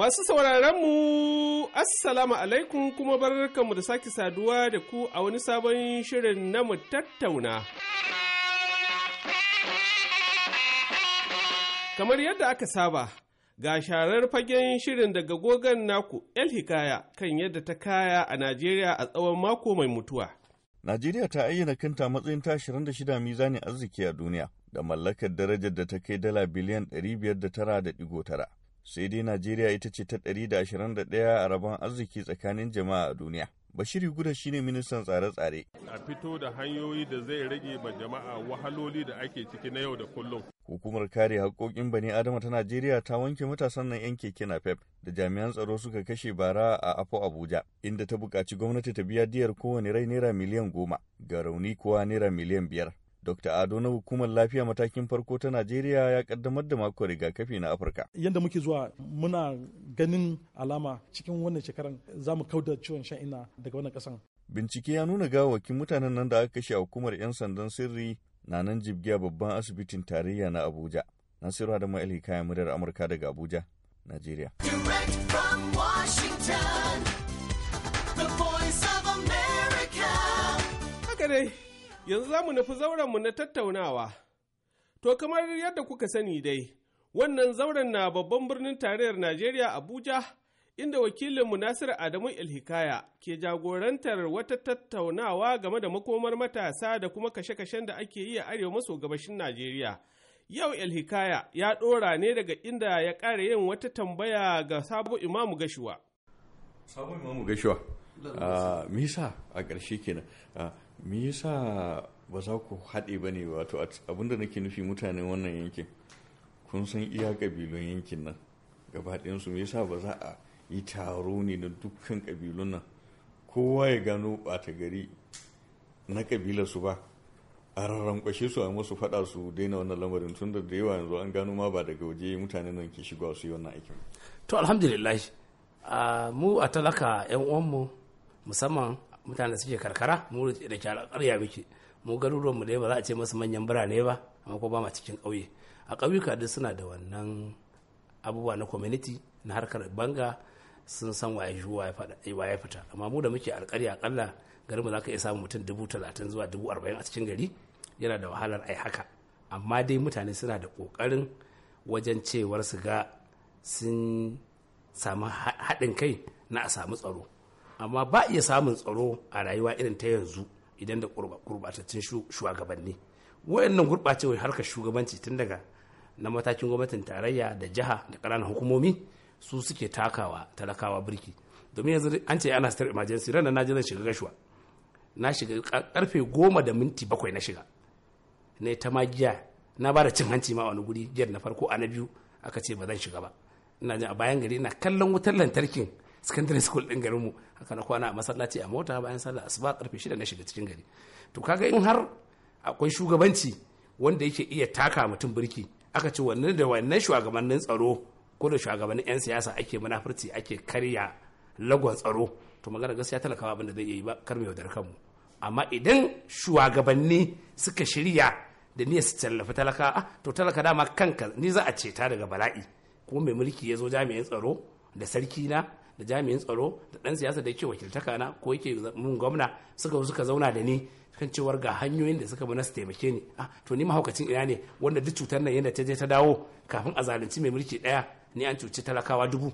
Masu sauraronmu, Assalamu alaikum kuma barkanmu da sake saduwa da ku a wani sabon shirin na tattauna. Kamar yadda aka saba, ga sharar fagen shirin daga gogon naku El Hikaya kan yadda ta kaya a Najeriya a tsawon mako mai mutuwa. Najeriya ta ayyana kanta matsayin ta 26 mizanin arziki a duniya da mallakar darajar da ta kai dala biliyan 509.9. sai dai najeriya ita ce ta 121 a rabon arziki tsakanin jama'a a duniya bashiri guda shine ministan tsare-tsare a fito da hanyoyi da zai rage ma jama'a wahaloli da ake ciki na yau da kullum hukumar kare haƙoƙin bani adama ta najeriya ta wanke matasan nan yan keke napep da jami'an tsaro suka kashe bara a afo abuja inda ta buƙaci gwamnati ta biya diyar kowane rai naira miliyan goma ga rauni kowa naira miliyan biyar Dr. Ado na hukumar lafiya matakin farko ta Najeriya ya kaddamar da mako rigakafi na Afirka. Yadda muke zuwa muna ganin alama cikin wannan shekaran za mu kauda ciwon ina daga wannan kasan. Bincike ya nuna gawakin mutanen nan da aka kashe a hukumar 'yan sandan sirri na nan jibgiya babban asibitin tarayya na Abuja. Nasiru Adamu Ali kayan muryar Amurka daga Abuja, Najeriya. of America. Yanzu za mu nufi zaurenmu na tattaunawa. To kamar yadda kuka sani dai, wannan zauren na babban birnin tarayyar Najeriya Abuja, inda wakilinmu Nasiru Adamu Ilhikaya ke jagorantar wata tattaunawa game da makomar matasa da kuma kashe-kashen da ake yi a arewa maso gabashin Najeriya. Yau Ilhikaya ya ɗora ne daga inda ya ƙara yin wata tambaya ga Sabo Imamu Gashuwa. Sabo Imamu Gashuwa. Ah, misa a ƙarshe kenan ah, me yasa ba za ku haɗe ba ne wato abinda nake nufi mutanen wannan yankin kun san iya ƙabilun yankin nan gabaɗayansu me yasa ba za a yi taro ne na dukkan ƙabilun nan kowa ya gano ɓata gari na ƙabilar su ba a rarrankwashe su a masu faɗa su daina wannan lamarin tun da yawa yanzu an gano ma ba daga waje mutanen nan ke shigowa su yi wannan aikin to alhamdulillah ah, mu a talaka yan uwanmu musamman mutane suke karkara mu da ke alƙarya muke mu garuruwan mu dai ba za a ce masu manyan birane ba amma ko ba ma cikin ƙauye a ƙauyuka duk suna da wannan abubuwa na community na harkar banga sun san waye ya fita amma mu da muke alƙarya akalla garin mu za ka iya samun mutum dubu talatin zuwa dubu arba'in a cikin gari yana da wahalar ai haka amma dai mutane suna da ƙoƙarin wajen cewar su ga sun samu haɗin kai na a samu tsaro amma ba iya samun tsaro a rayuwa irin ta yanzu idan da gurbatattun shugabanni wayannan gurbacewar harkar shugabanci tun daga na matakin gwamnatin tarayya da jiha da ƙananan hukumomi su suke takawa talakawa birki domin yanzu an ce ana sitar emergency ranar na zan shiga gashuwa na shiga karfe goma da minti bakwai na shiga na ta magiya na ba da cin hanci ma wani guri jiyar na farko a na biyu aka ce ba zan shiga ba ina jin a bayan gari ina kallon wutar lantarkin secondary school din garin mu haka na kwana a masallaci a mota bayan sallah asuba karfe shida na shiga cikin gari to kaga in har akwai shugabanci wanda yake iya taka mutum birki aka ce wannan da wannan shugabannin tsaro ko da shugabannin 'yan siyasa ake munafurci ake karya lagon tsaro to magana gaskiya talakawa abin da zai yi ba kar mu yaudar kanmu amma idan shugabanni suka shirya da niyyar su tallafi talaka ah to talaka dama kanka ni za a ceta daga bala'i kuma mai mulki ya zo jami'in tsaro da sarki na da jami'in tsaro da ɗan siyasa da yake wakiltaka na ko yake mun gwamna suka suka zauna da ni kan cewar ga hanyoyin da suka bi na su taimake ni ah to ni mahaukacin ina ne wanda duk cutar nan yadda ta je ta dawo kafin a zalunci mai mulki ɗaya ni an cuci talakawa dubu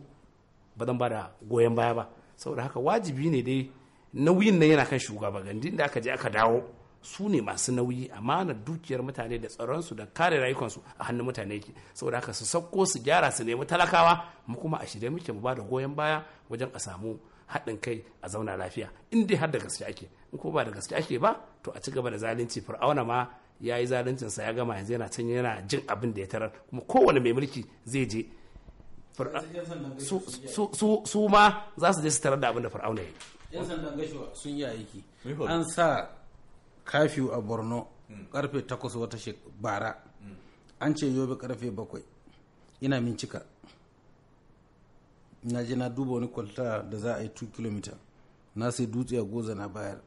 ba zan ba da goyon baya ba saboda haka wajibi ne dai nauyin nan yana kan shugaba gandin da aka je aka dawo su ne masu nauyi amanar dukiyar mutane da tsaronsu da kare rayukansu a hannun mutane yake saboda haka su sauko su gyara su nemi talakawa mu kuma a shirye muke mu ba da goyon baya wajen a samu haɗin kai a zauna lafiya in dai har da gaske ake in ko ba da gaske ake ba to a ci gaba da zalunci fir'auna ma ya yi zaluncinsa ya gama yanzu yana can yana jin abin da ya tarar kuma kowane mai mulki zai je su ma za su je su tarar da abin da fir'auna ya yi sun yi aiki an sa kafiyu a borno hmm. karfe takwas wata bara hmm. an ce yobe karfe bakwai ina mincika na je na duba wani kwalta da za a yi 2 km na sai dutse a goza na bayar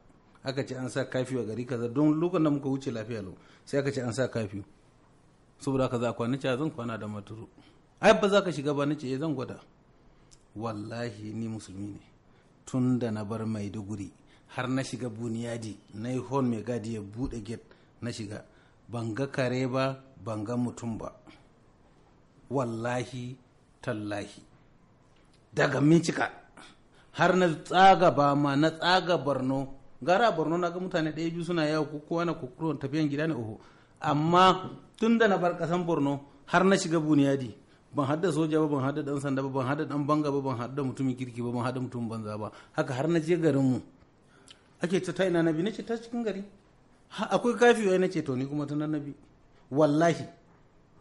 aka ce an sa kafiyu a gari kaza don lokacin da muka wuce lafiya lau sai aka ce an sa kafiyu saboda haka za a kwana ce zan kwana da maturu ai ba za ka shiga ba nace eh, zan gwada wallahi ni musulmi ne tun da na bar maiduguri har na shiga buniyadi na yi hon mai gadi ya buɗe gate na shiga ban ga kare ba ban ga mutum ba wallahi tallahi daga mincika har na tsaga ba ma na tsaga borno gara borno na ga mutane ɗaya biyu suna yawo kowa na kukuron tafiyan gida ne oho amma tun da na bar kasan borno har na shiga buniyadi ban hada soja ba ban hada dan sanda ba ban hada dan banga ba ban hada mutumin kirki ba ban hada mutumin banza ba haka har na je garin mu. ake ta ta ina nabi nace ta cikin gari akwai kafi wai nace to ni kuma ta nan nabi wallahi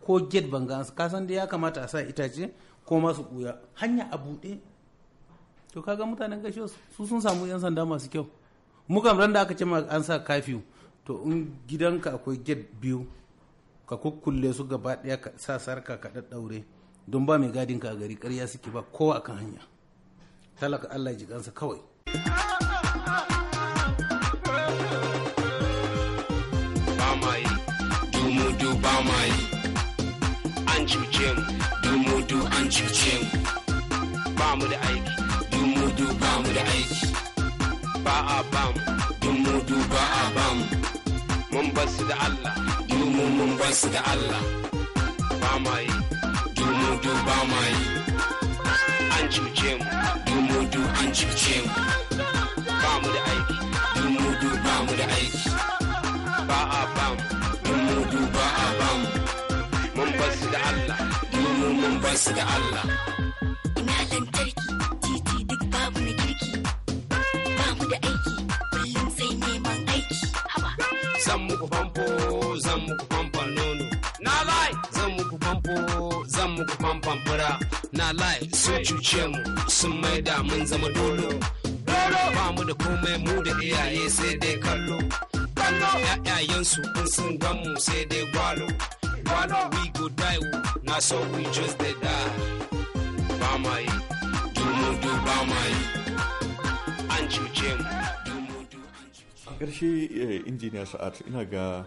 ko get ban ga ka san da ya kamata a sa itace ko masu buya hanya a bude to kaga mutanen gashi su sun samu yan sanda masu kyau mukan ran da aka ce an sa kafi to in gidanka akwai get biyu ka kukkulle su gaba daya ka sa sarka ka daddaure don ba mai gadin ka a gari karya suke ba kowa akan hanya talaka Allah ji kansa kawai mudu ba ma yi an cuce mu du mudu an cuce mu ba mu da aiki du mudu ba mu da aiki ba a ba mu du mudu ba a ba mu mun basu da Allah du mu mun basu da Allah ba ma yi du mudu ba ma yi an cuce mu du mudu an cuce mu ba mu da aiki du mudu ba mu da aiki ba a ba mu mun mudu ba mun basu da Allah mun mun basu da Allah ina lantarki titi duk babu kirki ba mu da aiki neman aiki zan muku famfo zan muku na zan muku famfo zan muku fura na sun sun maida mun zama dolo dolo ba mu da komai mu da iyaye sai dai kallo ‘Ya'yayensu in sun gamu sai dai gwalo, gwalo we go die na so we just dey die. Ba ma yi, dumudu ba ma yi, an cuce mu. A ƙarshe eh, injiniya sa'ad ina ga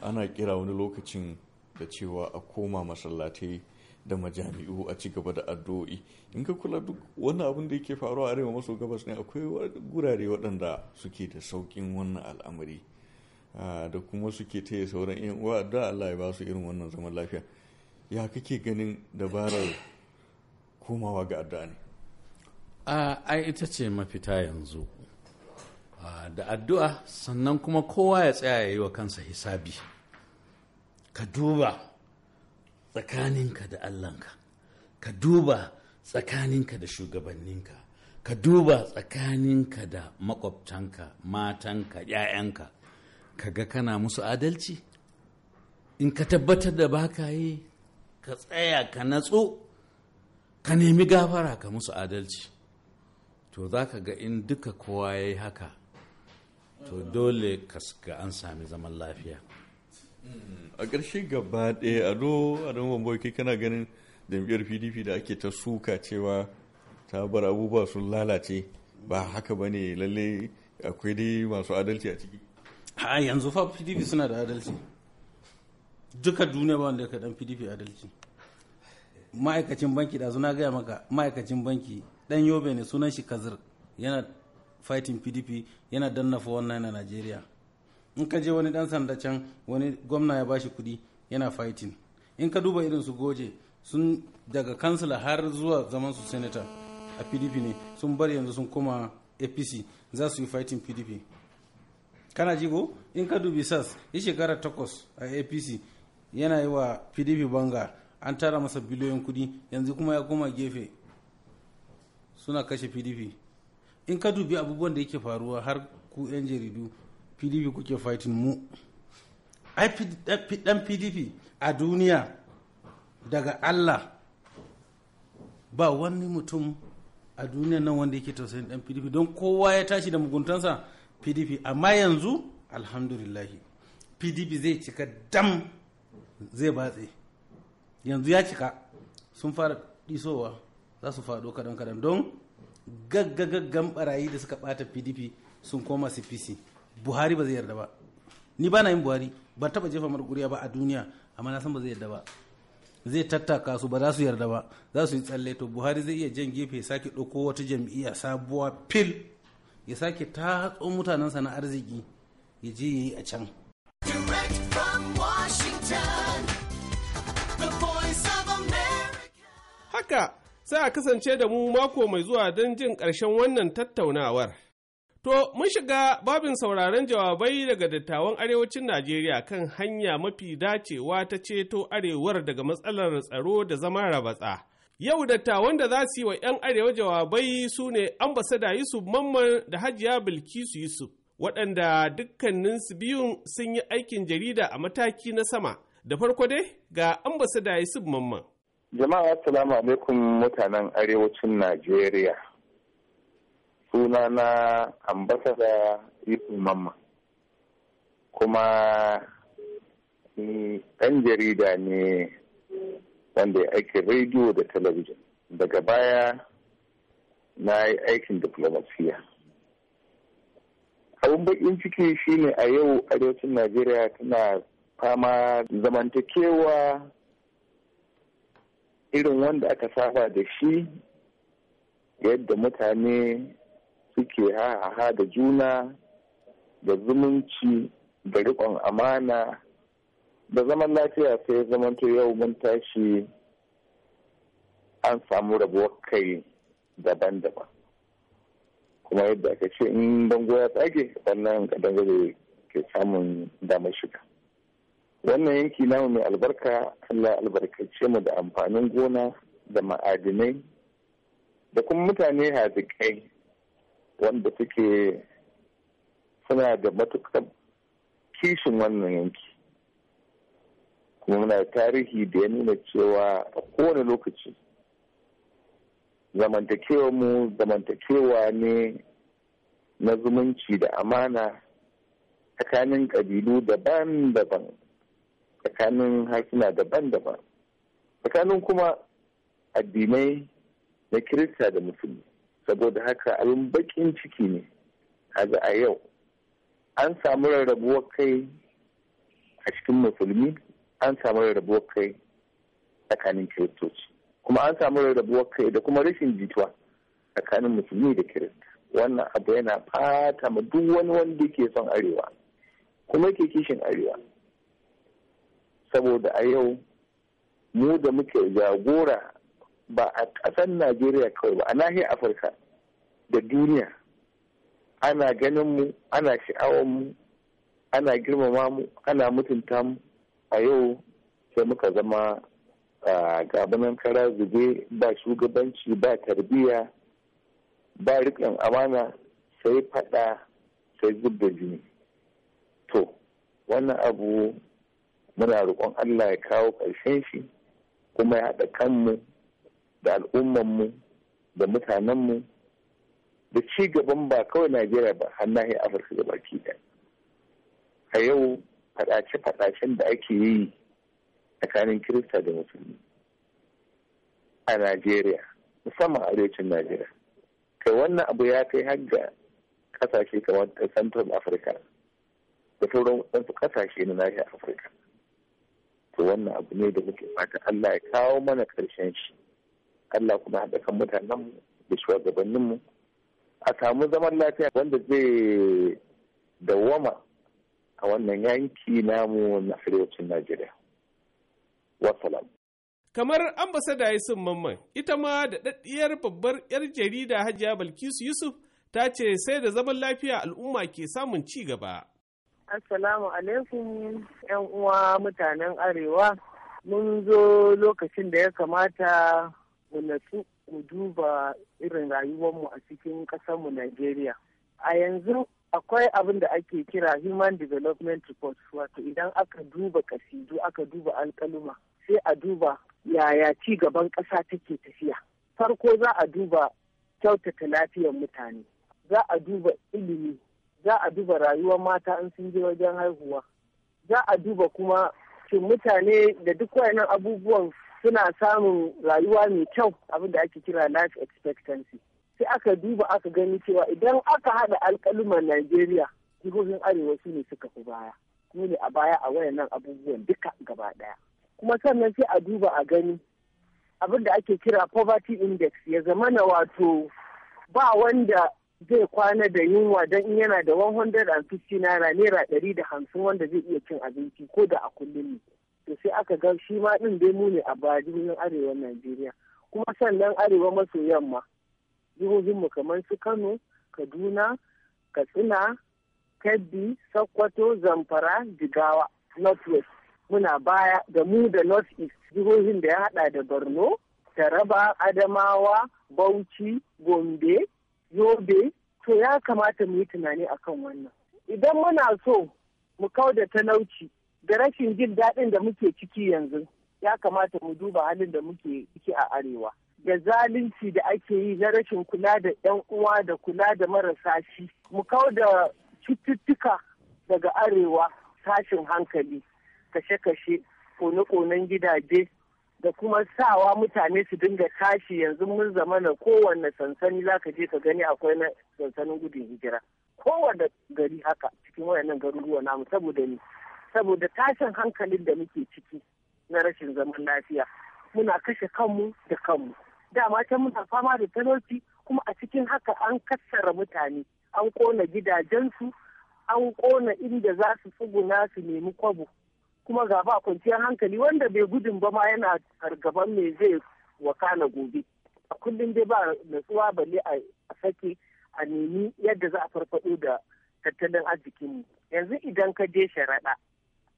ana kira wani lokacin da cewa a koma masallatai da majami'u a ci gaba da addu'o'i in ka kula duk wani abin da yake faruwa arewa maso gabas ne akwai gurare waɗanda suke da saukin wannan al'amari Ah, da kuma suke taya sauran yan uwa da Allah ya ba su irin wannan zaman lafiya ya kake ganin dabarar komawa ga addu'a ne a ah, ita ce mafita yanzu ah, da addu'a sannan kuma kowa ya tsaya ya yi wa kansa hisabi ka duba tsakaninka da allanka, ka duba tsakaninka da shugabanninka ka duba tsakaninka da makwabtanka matanka 'ya'yanka ka ga kana musu adalci in ka tabbatar da baka yi ka tsaya ka natsu ka nemi gafara ka musu adalci to za ka ga in duka kowa ya yi haka to dole ga an sami zaman lafiya a ƙarshe gaba ɗaya ado adon kai kana ganin jam'iyyar pdp da ake ta suka cewa ta bar abubuwa sun lalace ba haka ba ne lallai akwai dai masu adalci a ciki a yanzu fa pdp suna da adalci duka duniya ba wanda ya dan pdp adalci ma'aikacin banki da suna gaya maka ma'aikacin banki dan yobe ne sunan shi kazir yana fighting pdp yana danna wannan a najeriya in ka je wani dan sanda can wani gwamna ya bashi kudi yana fighting in ka duba irin su goje sun daga kansila har zuwa zaman su senator a pdp ne sun bar yanzu sun koma apc za su yi fighting pdp kana ji ko in ka dubi sas ya shekara takwas a apc yana yi wa pdp banga an tara masa biliyoyin kudi yanzu kuma ya koma gefe suna kashe pdp in ka dubi abubuwan da yake faruwa har ku 'yan jaridu pdp kuke fighting mu ai dan pdp a duniya daga allah ba wani mutum a duniya nan wanda yake tausayin dan pdp don kowa ya tashi da muguntansa pdp amma yanzu alhamdulillahi pdp zai cika dam zai batse yanzu ya cika sun fara isowa za su faɗo kaɗan kaɗan don gaggagaggan barayi da suka bata pdp sun koma cpc buhari ba zai yarda ba ni ba na yin buhari ban taba jefa marguriya ba a duniya amma na san ba zai yarda ba zai tattaka su ba za su yarda ba za su yi tsalle to buhari zai iya jan gefe sake ɗauko wata jam'iyya sabuwa fil ya sake tatso mutanensa na arziki ya je yi a can. Haka sai a kasance da mu mako mai zuwa don jin ƙarshen wannan tattaunawar. To, mun shiga babin sauraron jawabai daga dattawan arewacin Najeriya kan hanya mafi dacewa ta ceto arewar daga matsalar tsaro da zama rabatsa. Yau dattawan da za su yi wa 'yan arewa jawabai su ne ambasada Yusuf Mamman da Hajiya Bilkisu Yusuf, waɗanda dukkaninsu biyun sun yi aikin jarida a mataki na sama. Da farko dai ga ambasada Yusuf Mamman. Jama'a Assalamu alaikum mutanen arewacin Najeriya. suna na ambasada Yusuf Mamman. Kuma ɗan jarida ne wanda ya aikin rediyo da talabijin daga baya na yi aikin diplomasiya abin bakin ciki shine a yau arewacin najeriya tana fama zamantakewa irin wanda aka saba da shi yadda mutane suke ha da juna da zumunci da riƙon amana da zaman lafiya sai zamanto yau mun tashi an samu rabuwar kai daban-daban kuma yadda aka ce in bango ya tsage wannan kadan zai ke samun damar shiga wannan yanki namu mai albarka allah albarkace mu da amfanin gona da ma'adinai da kuma mutane hazikai wanda suke suna da matukar kishin wannan yanki kuma muna tarihi da ya nuna cewa a kowane lokaci zamantakewa mu zamantakewa ne na zumunci da amana tsakanin ƙabilu daban-daban tsakanin harsuna daban-daban tsakanin kuma addinai na kirista da musulmi saboda haka abin bakin ciki ne kaga a yau an samu rarrabuwar kai a cikin musulmi an samu rarrabuwar kai tsakanin kiristoci kuma an samu rarrabuwar kai da kuma rashin jituwa tsakanin musulmi da kirista wannan abu yana fata ma duk wani wanda ke son arewa kuma ke kishin arewa saboda a yau mu da muke jagora ba a ƙasar najeriya kawai ba a nahiyar afirka da duniya ana ganin mu ana sha'awar mu ana girmama mu ana mutunta mu a yau sai muka zama gabanin kara zube ba shugabanci ba tarbiyya ba riƙon amana sai faɗa sai zub jini to wannan abu muna roƙon allah ya kawo ƙarshen shi kuma ya haɗa kanmu da al'ummanmu da mutanenmu da ci gaban ba kawai najeriya ba har nahiyar afirka baki ɗaya a yau faɗace-faɗacen da ake yi tsakanin kirista da musulmi a najeriya musamman a arewacin najeriya kai wannan abu ya kai har ga ƙasashe kamar central africa da sauran wasu ƙasashe na nahiyar afirka to wannan abu ne da muke fata allah ya kawo mana ƙarshen shi allah kuma haɗa kan mutanenmu da shugabanninmu a samu zaman lafiya wanda zai dawwama a wannan yanki namu na arewacin Najeriya. Wasalam. Kamar ambasada sun Mamman, ita ma da daɗaɗɗiyar babbar 'yar jarida Hajiya Balkisu Yusuf ta ce sai da zaman lafiya al'umma ke samun ci gaba. Assalamu alaikum 'yan uwa mutanen Arewa. Mun zo lokacin da ya kamata mu natsu mu duba irin rayuwarmu a cikin ƙasarmu Najeriya. A yanzu akwai abin da ake kira human development report wato idan aka duba kasidu aka duba alkaluma sai a duba yaya ci gaban ƙasa take tafiya farko za a duba kyautata lafiyar mutane za a duba ilimi za a duba rayuwar mata in sun je wajen haihuwa za a duba kuma cin mutane da duk wayannan abubuwan suna samun rayuwa mai kyau abin da ake kira life expectancy sai aka duba aka gani cewa idan aka haɗa alkaluman Najeriya jihohin arewa su ne suka fi baya kuma ne a baya a wayan nan abubuwan duka gaba ɗaya kuma sannan sai a duba a gani abin da ake kira poverty index ya zama na wato ba wanda zai kwana da yunwa don in yana da 150 naira naira ɗari da hamsin wanda zai iya cin abinci ko da a kullum ne to sai aka ga shi ma ɗin dai mu ne a baya arewa Najeriya kuma sannan arewa maso yamma jihohinmu kamar su kano kaduna katsina kebbi sokoto zamfara jigawa west muna baya da mu da northeast jihohin da ya hada da borno taraba adamawa bauchi gombe yobe to ya kamata mu yi tunani akan wannan idan muna so mu kau da talauci da rashin jin daɗin da muke ciki yanzu ya kamata mu duba halin da muke ciki a arewa da zalunci da ake yi na rashin kula da 'yan uwa da kula da marasa shi mu kau da cututtuka daga arewa tashin hankali kashe-kashe kone-konen gidaje da kuma sawa mutane su dinga tashi yanzu mun zama na kowanne sansani za ka je ka gani akwai na sansanin gudun hijira kowanne gari haka cikin wayannan garuruwa namu saboda ni saboda tashin hankalin da muke ciki na rashin zaman lafiya muna kashe kanmu da kanmu dama can muna fama da talauci kuma a cikin haka an kassara mutane an kona gidajensu an kona inda za su tsuguna su nemi kwabo kuma ga ba kwanciyar hankali wanda bai gudun ba ma yana fargaban mai zai wakana gobe a kullum dai ba natsuwa balle a sake a nemi yadda za a farfado da tattalin mu yanzu idan ka je sharaɗa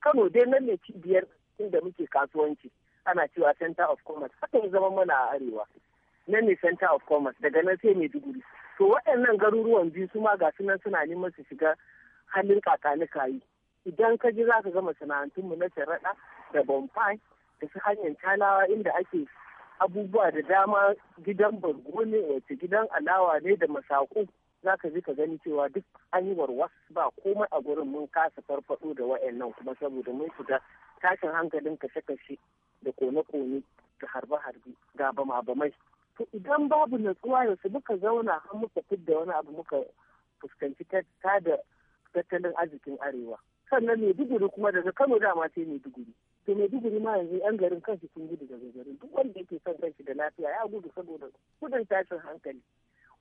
kano dai nan ne cibiyar inda muke kasuwanci ana cewa center of commerce haka zama mana a arewa nan ne center of commerce daga nan sai mai maiduguri to waɗannan garuruwan biyu su ma ga su nan suna neman su shiga halin kakani kayi idan ka ji za ka ga mu na sharaɗa da bonfai da su hanyar talawa inda ake abubuwa da dama gidan bargo ne wace gidan alawa ne da masako za ka ji ka gani cewa duk an yi warwas ba komai a gurin mun kasa farfado da wa'annan kuma saboda mun shiga tashin hankalin kashe-kashe da kone-kone da harbe-harbe ga ba mai to idan babu natsuwa yanzu muka zauna har muka fidda wani abu muka fuskanci ta da tattalin arzikin arewa sannan maiduguri kuma daga kano dama sai maiduguri to maiduguri ma yanzu yan garin kansu sun gudu daga garin duk wanda yake son kanshi da lafiya ya gudu saboda gudun tashin hankali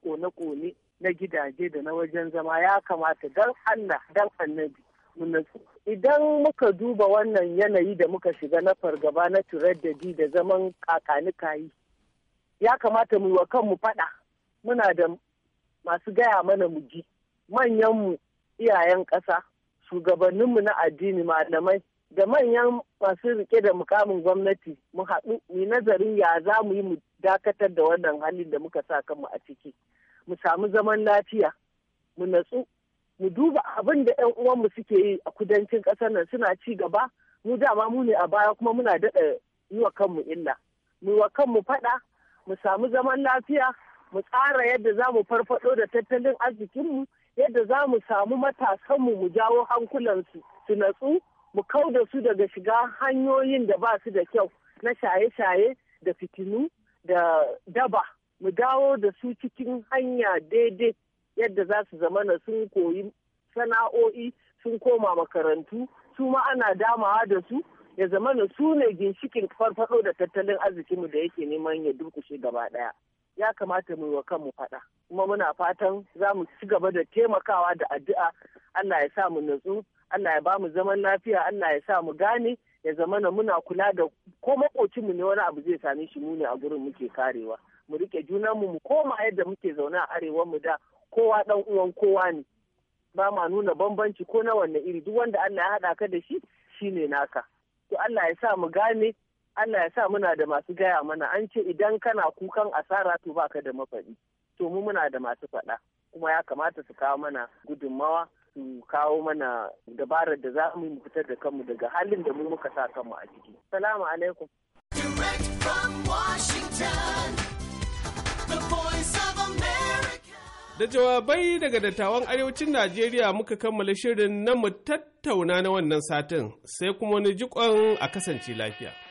kone-kone na gidaje da na wajen zama ya kamata dan allah dan annabi mu idan muka duba wannan yanayi da muka shiga na fargaba na turaddadi da zaman kayi ya kamata mu yi wa kanmu faɗa muna da masu gaya mana mu ji manyanmu iyayen ƙasa shugabanninmu na addini malamai da manyan masu rike da mukamin gwamnati mu haɗu mu nazarin ya za mu yi mu dakatar da wannan halin da muka sa kanmu a ciki mu samu zaman lafiya mu natsu mu duba abin da 'yan uwanmu suke yi a kudancin ƙasar nan suna ci gaba mu dama mu ne a baya kuma muna daɗa yi wa kanmu illa mu wa kanmu faɗa mu samu zaman lafiya mu tsara yadda za mu farfaɗo da tattalin arzikinmu yadda za mu samu matasanmu mu jawo hankulansu su natsu mu kau da su daga shiga hanyoyin da ba su da kyau na shaye-shaye da fitinu da daba mu dawo da su cikin hanya daidai yadda za su zamana sun koyi sana'o'i sun koma makarantu su ma ana damawa da su ya zamana su ne ginshikin farfado da tattalin arzikinmu da yake neman ya durkushe gaba daya ya kamata mu wa kanmu fada kuma muna fatan za mu ci gaba da taimakawa da addu'a Allah ya sa mu natsu Allah ya ba mu zaman lafiya Allah ya sa mu gane ya zamana muna kula da ko makocinmu ne wani abu zai same shi mu ne a gurin muke karewa mu rike junanmu mu koma yadda muke zaune a arewa mu da kowa ɗan uwan kowa ne ba ma nuna bambanci ko na wanne iri duk wanda Allah ya haɗa ka da shi shine naka to Allah ya sa mu gane Allah ya sa muna da masu gaya mana an ce idan kana kukan asara to baka da mafaɗi to mu muna da masu faɗa kuma ya kamata su kawo mana gudunmawa su kawo mana dabarar da za mu fitar da kanmu daga halin da mu muka sa kanmu a ciki. Salamu alaikum. Direct from Washington, the voice of America. Da jawabai daga dattawan arewacin Najeriya muka kammala shirin na mu tattauna na wannan satin sai kuma wani jikon a kasance lafiya.